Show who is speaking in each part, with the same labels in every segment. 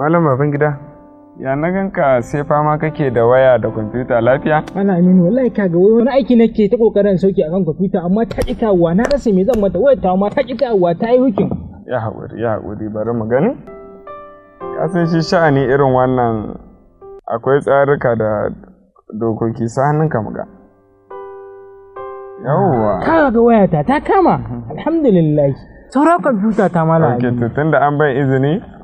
Speaker 1: Malam gida ya na ganka sai fama kake da waya da kwamfuta lafiya?
Speaker 2: Ana aminu wallahi kaga wani aiki nake ta kokarin sauki akan kwamfuta amma ta ƙi kawowa na rasa me zan mata wayar ta ma ta ƙi kawowa ta yi hukin.
Speaker 1: Ya haƙuri ya haƙuri bari mu gani. Ka san shi sha'ani irin wannan akwai tsarika da dokoki sa hannunka mu ga. Yawwa. Ka
Speaker 2: ga wayata ta kama mhm. alhamdulillah. Saura kwamfuta ta mala.
Speaker 1: ake tutun da an bai izini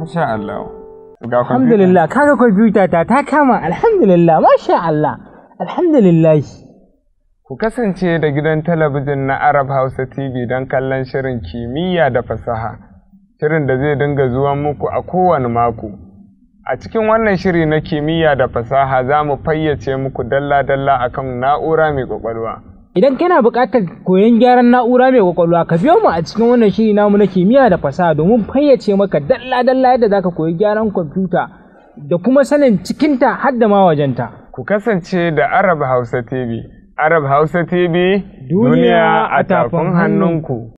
Speaker 1: Masha Allah. Alhamdulillah
Speaker 2: kaga kwamfuta ta ta kama alhamdulillah masha Allah alhamdulillah.
Speaker 1: Ku kasance da gidan talabijin na Arab Hausa TV don kallon shirin kimiyya da fasaha, shirin da zai dinga zuwa muku a kowane mako. A cikin wannan shiri na kimiyya da fasaha za mu fayyace muku dalla-dalla akan na'ura mai ƙwaƙwalwa.
Speaker 2: Idan kana buƙatar koyon gyaran na'ura mai kwakwalwa ka biyo mu a cikin wannan shiri namu na kimiyya da fasaha domin fayyace maka dalla-dalla yadda za ka koyi gyaran kwamfuta da kuma sanin cikinta har da ma wajenta.
Speaker 1: Ku kasance da Arab Hausa TV. Arab Hausa TV duniya a tafin hannunku.